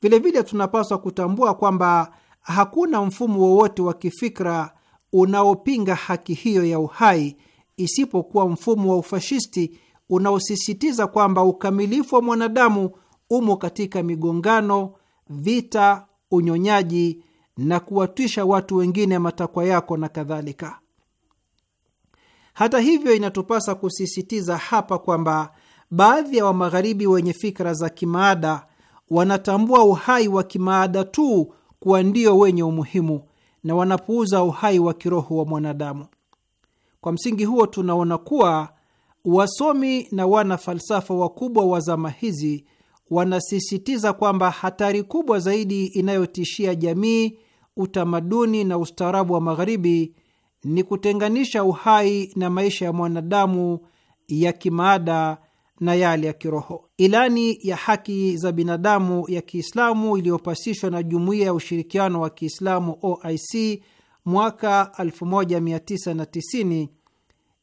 Vilevile tunapaswa kutambua kwamba Hakuna mfumo wowote wa kifikra unaopinga haki hiyo ya uhai isipokuwa mfumo wa ufashisti unaosisitiza kwamba ukamilifu wa mwanadamu umo katika migongano, vita, unyonyaji na kuwatwisha watu wengine matakwa yako na kadhalika. Hata hivyo, inatupasa kusisitiza hapa kwamba baadhi ya Wamagharibi wenye fikra za kimaada wanatambua uhai wa kimaada tu kuwa ndio wenye umuhimu na wanapuuza uhai wa kiroho wa mwanadamu. Kwa msingi huo, tunaona kuwa wasomi na wana falsafa wakubwa wa zama hizi wanasisitiza kwamba hatari kubwa zaidi inayotishia jamii, utamaduni na ustaarabu wa Magharibi ni kutenganisha uhai na maisha ya mwanadamu ya kimaada na yale ya kiroho. Ilani ya haki za binadamu ya Kiislamu iliyopasishwa na Jumuiya ya Ushirikiano wa Kiislamu OIC mwaka 1990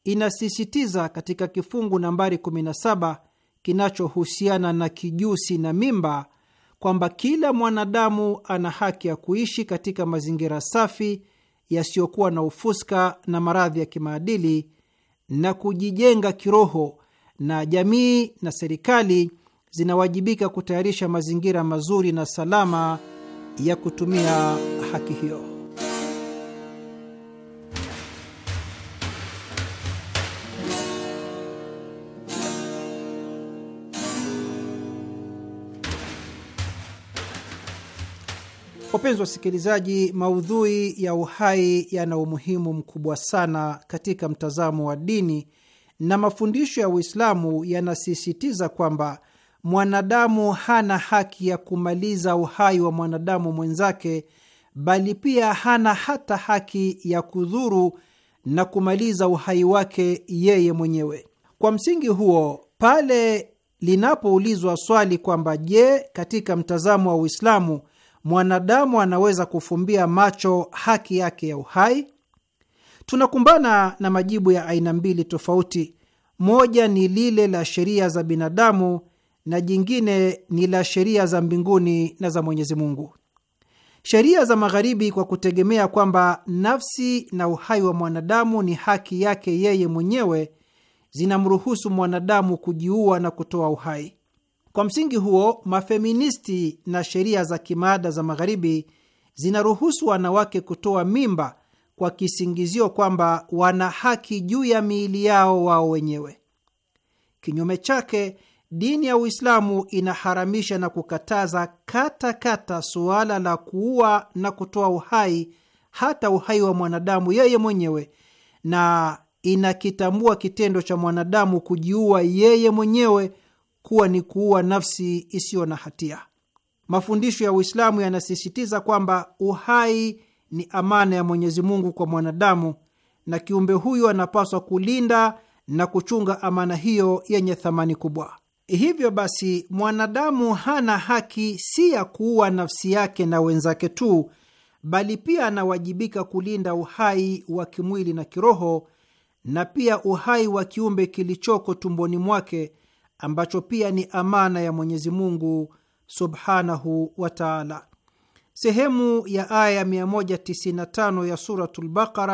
inasisitiza katika kifungu nambari 17 kinachohusiana na kijusi na mimba kwamba kila mwanadamu ana haki ya kuishi katika mazingira safi yasiyokuwa na ufuska na maradhi ya kimaadili na kujijenga kiroho na jamii na serikali zinawajibika kutayarisha mazingira mazuri na salama ya kutumia haki hiyo. Wapenzi wasikilizaji, maudhui ya uhai yana umuhimu mkubwa sana katika mtazamo wa dini na mafundisho ya Uislamu yanasisitiza kwamba mwanadamu hana haki ya kumaliza uhai wa mwanadamu mwenzake, bali pia hana hata haki ya kudhuru na kumaliza uhai wake yeye mwenyewe. Kwa msingi huo, pale linapoulizwa swali kwamba je, katika mtazamo wa Uislamu mwanadamu anaweza kufumbia macho haki yake ya uhai, tunakumbana na majibu ya aina mbili tofauti. Moja ni lile la sheria za binadamu na jingine ni la sheria za mbinguni na za Mwenyezi Mungu. Sheria za Magharibi, kwa kutegemea kwamba nafsi na uhai wa mwanadamu ni haki yake yeye mwenyewe, zinamruhusu mwanadamu kujiua na kutoa uhai. Kwa msingi huo, mafeministi na sheria za kimaada za Magharibi zinaruhusu wanawake kutoa mimba kwa kisingizio kwamba wana haki juu ya miili yao wao wenyewe. Kinyume chake, dini ya Uislamu inaharamisha na kukataza katakata suala la kuua na kutoa uhai, hata uhai wa mwanadamu yeye mwenyewe, na inakitambua kitendo cha mwanadamu kujiua yeye mwenyewe kuwa ni kuua nafsi isiyo na hatia. Mafundisho ya Uislamu yanasisitiza kwamba uhai ni amana ya Mwenyezi Mungu kwa mwanadamu, na kiumbe huyu anapaswa kulinda na kuchunga amana hiyo yenye thamani kubwa. Hivyo basi, mwanadamu hana haki si ya kuua nafsi yake na wenzake tu, bali pia anawajibika kulinda uhai wa kimwili na kiroho, na pia uhai wa kiumbe kilichoko tumboni mwake ambacho pia ni amana ya Mwenyezi Mungu subhanahu wa taala. Sehemu ya aya 195 ya Suratul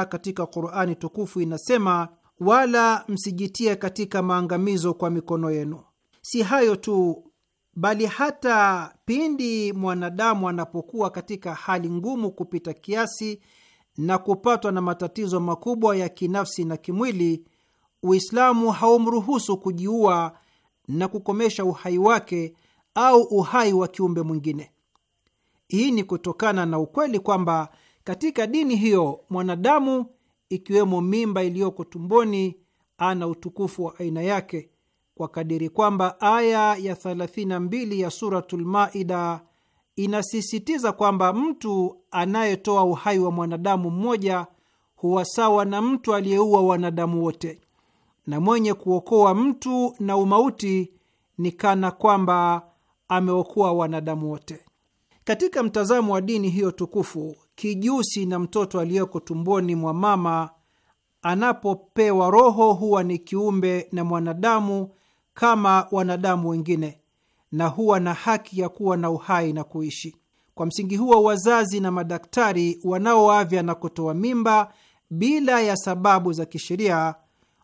katika Qurani tukufu inasema, wala msijitie katika maangamizo kwa mikono yenu. Si hayo tu, bali hata pindi mwanadamu anapokuwa katika hali ngumu kupita kiasi na kupatwa na matatizo makubwa ya kinafsi na kimwili, Uislamu haumruhusu kujiua na kukomesha uhai wake au uhai wa kiumbe mwingine. Hii ni kutokana na ukweli kwamba katika dini hiyo mwanadamu, ikiwemo mimba iliyoko tumboni, ana utukufu wa aina yake kwa kadiri kwamba aya ya 32 ya Suratul Maida inasisitiza kwamba mtu anayetoa uhai wa mwanadamu mmoja huwa sawa na mtu aliyeua wanadamu wote, na mwenye kuokoa mtu na umauti ni kana kwamba ameokoa wanadamu wote. Katika mtazamo wa dini hiyo tukufu, kijusi na mtoto aliyeko tumboni mwa mama anapopewa roho huwa ni kiumbe na mwanadamu kama wanadamu wengine, na huwa na haki ya kuwa na uhai na kuishi. Kwa msingi huo, wazazi na madaktari wanaoavya na kutoa mimba bila ya sababu za kisheria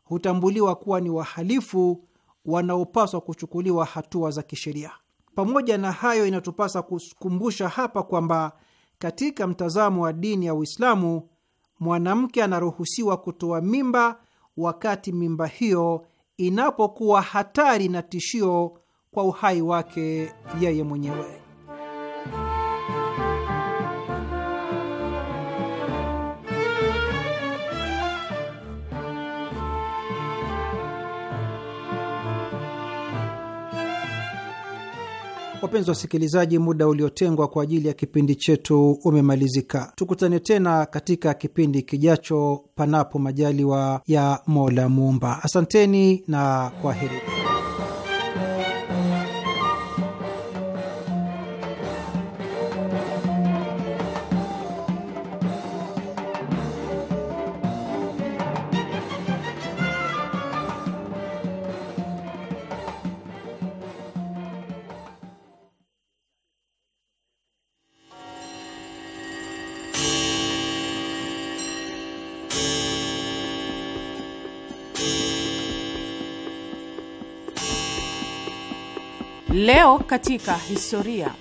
hutambuliwa kuwa ni wahalifu wanaopaswa kuchukuliwa hatua za kisheria. Pamoja na hayo, inatupasa kukumbusha hapa kwamba katika mtazamo wa dini ya Uislamu mwanamke anaruhusiwa kutoa mimba wakati mimba hiyo inapokuwa hatari na tishio kwa uhai wake yeye mwenyewe. Wapenzi wasikilizaji, muda uliotengwa kwa ajili ya kipindi chetu umemalizika. Tukutane tena katika kipindi kijacho, panapo majaliwa ya Mola Muumba. Asanteni na kwaheri. Leo katika historia.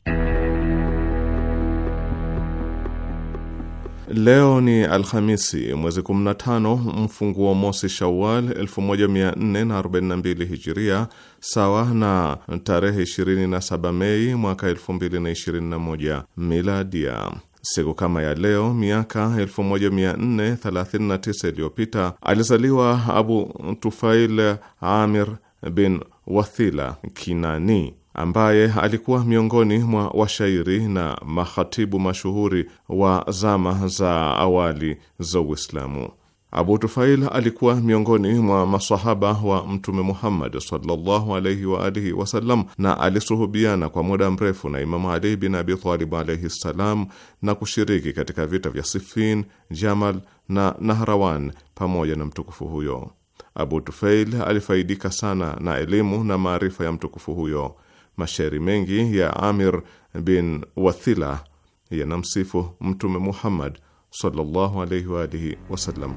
Leo ni Alhamisi, mwezi 15 mfunguo mosi Shawal 1442 Hijiria, sawa na tarehe 27 Mei mwaka 2021 Miladia. Siku kama ya leo miaka 1439 iliyopita alizaliwa Abu Tufail Amir bin Wathila Kinani, ambaye alikuwa miongoni mwa washairi na makhatibu mashuhuri wa zama za awali za Uislamu. Abu Tufail alikuwa miongoni mwa masahaba wa Mtume Muhammad sallallahu alaihi wa alihi wasallam, na alisuhubiana kwa muda mrefu na Imamu Ali bin Abi Talib alaihi ssalam, na kushiriki katika vita vya sifin Jamal na Nahrawan pamoja na mtukufu huyo. Abu Tufail alifaidika sana na elimu na maarifa ya mtukufu huyo Mashairi mengi ya Amir bin Wathila yanamsifu Mtume Muhammad sallallahu alaihi wa alihi wasallam.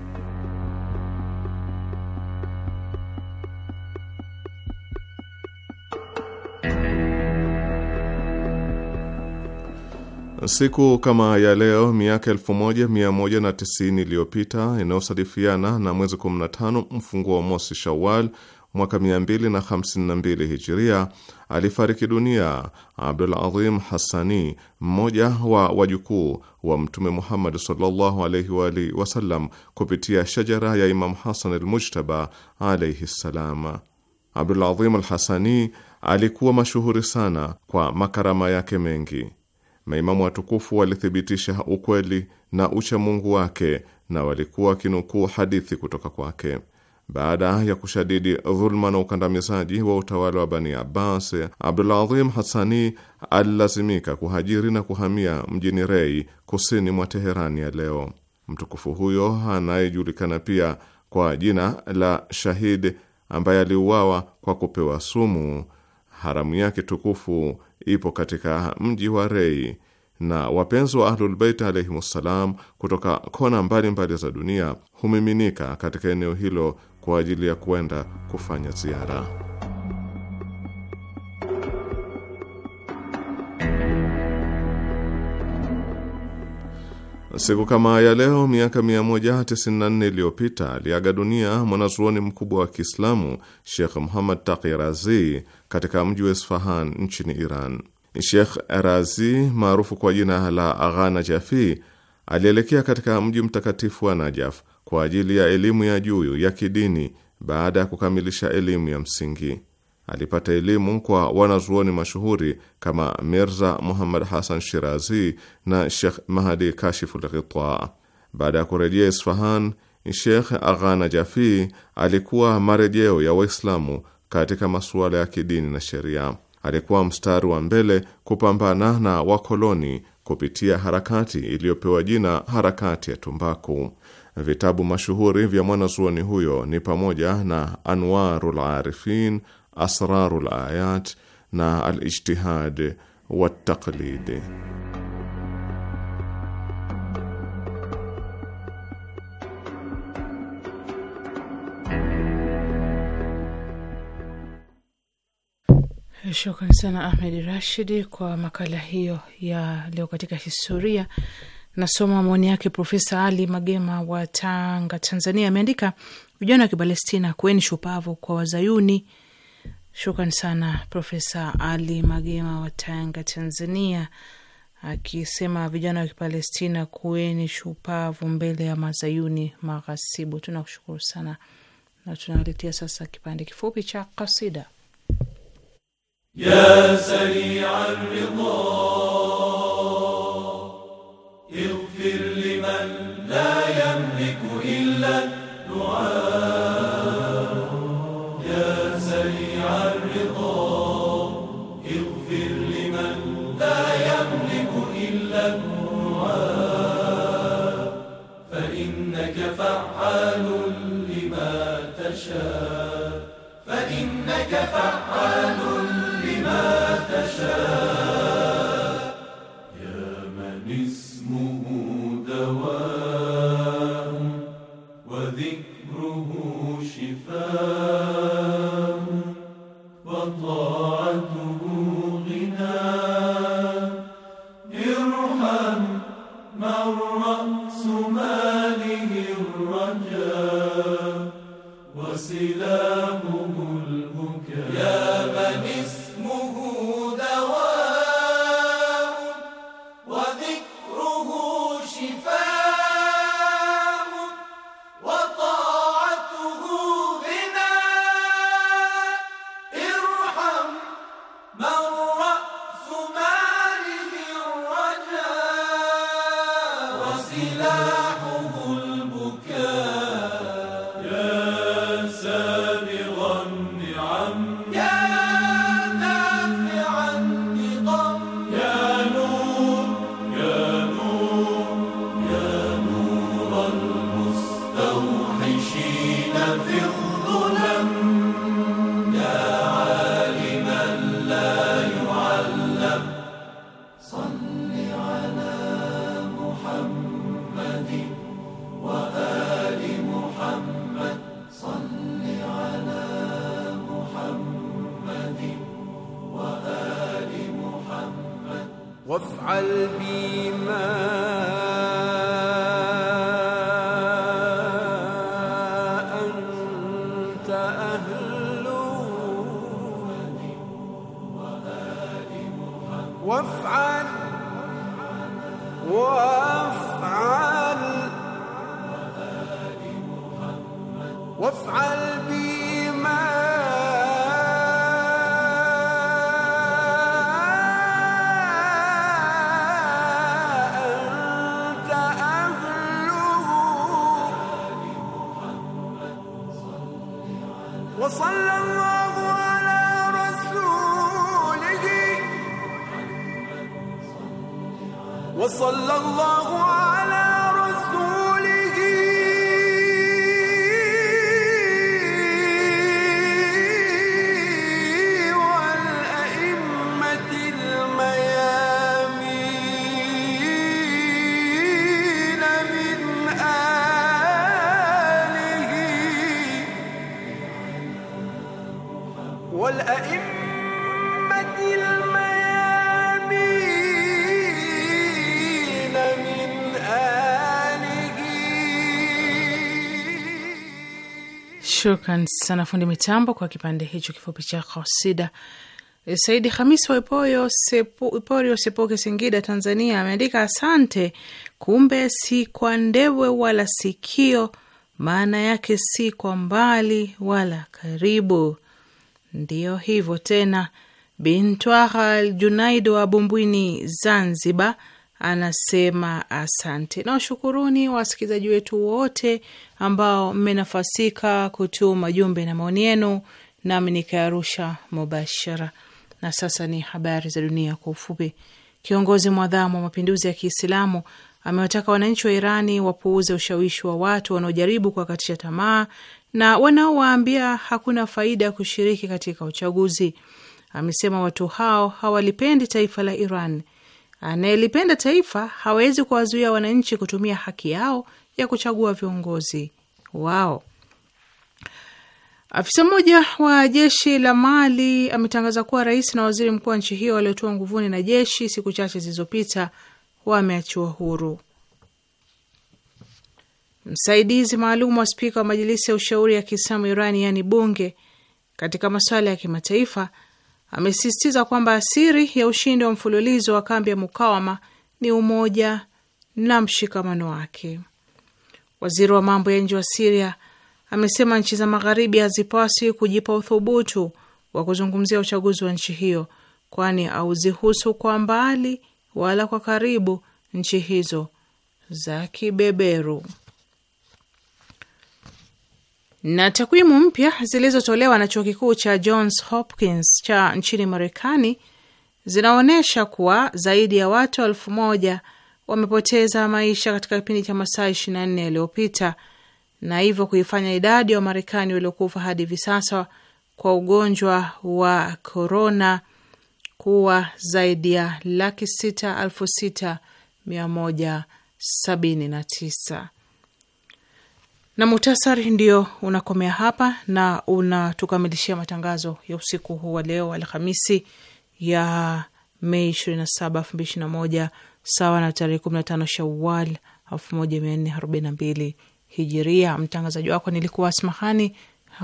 Siku kama ya leo miaka 1190 iliyopita inayosadifiana na mwezi 15 mfunguo wa mosi Shawal mwaka 252 hijiria alifariki dunia Abdul Azim Hassani, mmoja wa wajukuu wa Mtume Muhammad sallallahu alaihi wa alihi wasallam, kupitia shajara ya Imam Hasan al-Mujtaba alaihi ssalam. Abdul Azim al-Hassani alikuwa mashuhuri sana kwa makarama yake mengi. Maimamu watukufu walithibitisha ukweli na uchamungu wake na walikuwa wakinukuu hadithi kutoka kwake. Baada ya kushadidi dhuluma na ukandamizaji wa utawala wa Bani Abbas, Abdulazim Hassani alilazimika kuhajiri na kuhamia mjini Rei, kusini mwa Teherani ya leo. Mtukufu huyo anayejulikana pia kwa jina la Shahid, ambaye aliuawa kwa kupewa sumu, haramu yake tukufu ipo katika mji wa Rei, na wapenzi wa Ahlulbeit alaihimssalam kutoka kona mbalimbali mbali za dunia humiminika katika eneo hilo kwa ajili ya kwenda kufanya ziara. Siku kama ya leo miaka 194 iliyopita aliaga dunia mwanazuoni mkubwa wa Kiislamu Sheikh Muhammad Taqi Razi katika mji wa Isfahan nchini Iran. Sheikh Razi maarufu kwa jina la Aghana Jafi alielekea katika mji mtakatifu wa Najaf kwa ajili ya elimu ya juu ya kidini baada ya kukamilisha elimu ya msingi. Alipata elimu kwa wanazuoni mashuhuri kama Mirza Muhammad Hasan Shirazi na Shekh Mahadi Kashiful Ghita. Baada ya kurejea Isfahan, Shekh Aghana Jafii alikuwa marejeo ya Waislamu katika masuala ya kidini na sheria. Alikuwa mstari wa mbele kupambana na wakoloni kupitia harakati iliyopewa jina harakati ya tumbaku. Vitabu mashuhuri vya mwanazuoni huyo ni pamoja na Anwarul Arifin, Asrarul Ayat na alijtihad ijtihad Shukran sana Ahmed Rashidi kwa makala hiyo ya leo katika historia. Nasoma maoni yake. Profesa Ali Magema wa Tanga, Tanzania, ameandika vijana wa Kipalestina, kuweni shupavu kwa Wazayuni. Shukran sana Profesa Ali Magema wa Tanga, Tanzania, akisema vijana wa Kipalestina, kuweni shupavu mbele ya mazayuni maghasibu. Tunakushukuru sana na tunaletia sasa kipande kifupi cha kasida ya فعال لما تشاء Shukran sana fundi mitambo kwa kipande hicho kifupi cha kasida. Saidi Hamis wa Iporio Sepoke, Singida, Tanzania ameandika asante. Kumbe si kwa ndewe wala sikio, maana yake si kwa mbali wala karibu. Ndiyo hivyo tena. bintwaha Junaid wa Bumbwini, Zanzibar anasema asante. Na washukuruni wasikilizaji wetu wote ambao mmenafasika kutuma jumbe na maoni yenu, nami nikayarusha mubashara. Na sasa ni habari za dunia kwa ufupi. Kiongozi mwadhamu wa mapinduzi ya Kiislamu amewataka wananchi wa Irani wapuuze ushawishi wa watu wanaojaribu kuwakatisha tamaa na wanaowaambia hakuna faida ya kushiriki katika uchaguzi. Amesema watu hao hawalipendi taifa la Iran Anayelipenda taifa hawezi kuwazuia wananchi kutumia haki yao ya kuchagua viongozi wao. Afisa mmoja wa jeshi la Mali ametangaza kuwa rais na waziri mkuu wa nchi hiyo waliotiwa nguvuni na jeshi siku chache zilizopita wameachiwa huru. Msaidizi maalum wa spika wa majilisi ya ushauri ya Kiislamu Irani, yaani bunge, katika masuala ya kimataifa amesisitiza kwamba asiri ya ushindi wa mfululizo wa kambi ya mukawama ni umoja na mshikamano wake. Waziri wa mambo ya nje wa Siria amesema nchi za magharibi hazipaswi kujipa uthubutu wa kuzungumzia uchaguzi wa nchi hiyo, kwani auzihusu kwa mbali wala kwa karibu nchi hizo za kibeberu. Na takwimu mpya zilizotolewa na chuo kikuu cha Johns Hopkins cha nchini Marekani zinaonyesha kuwa zaidi ya watu elfu moja wamepoteza maisha katika kipindi cha masaa nne yaliyopita na hivyo kuifanya idadi ya Wamarekani waliokufa hadi hivi sasa kwa ugonjwa wa korona kuwa zaidi ya laki sita elfu sita mia moja sabini na tisa na muhtasari ndio unakomea hapa na unatukamilishia matangazo ya usiku huu wa leo Alhamisi ya Mei 27, 2021 sawa na tarehe 15 Shawal 1442 Hijiria. Mtangazaji wako nilikuwa Asmahani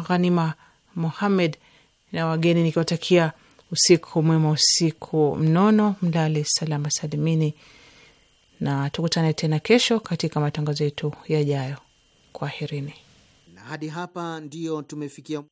Ghanima muhammed na wageni nikiwatakia usiku mwema, usiku mnono, mlale salama salimini, na tukutane tena kesho katika matangazo yetu yajayo. Kwaherini. Na hadi hapa ndiyo tumefikia.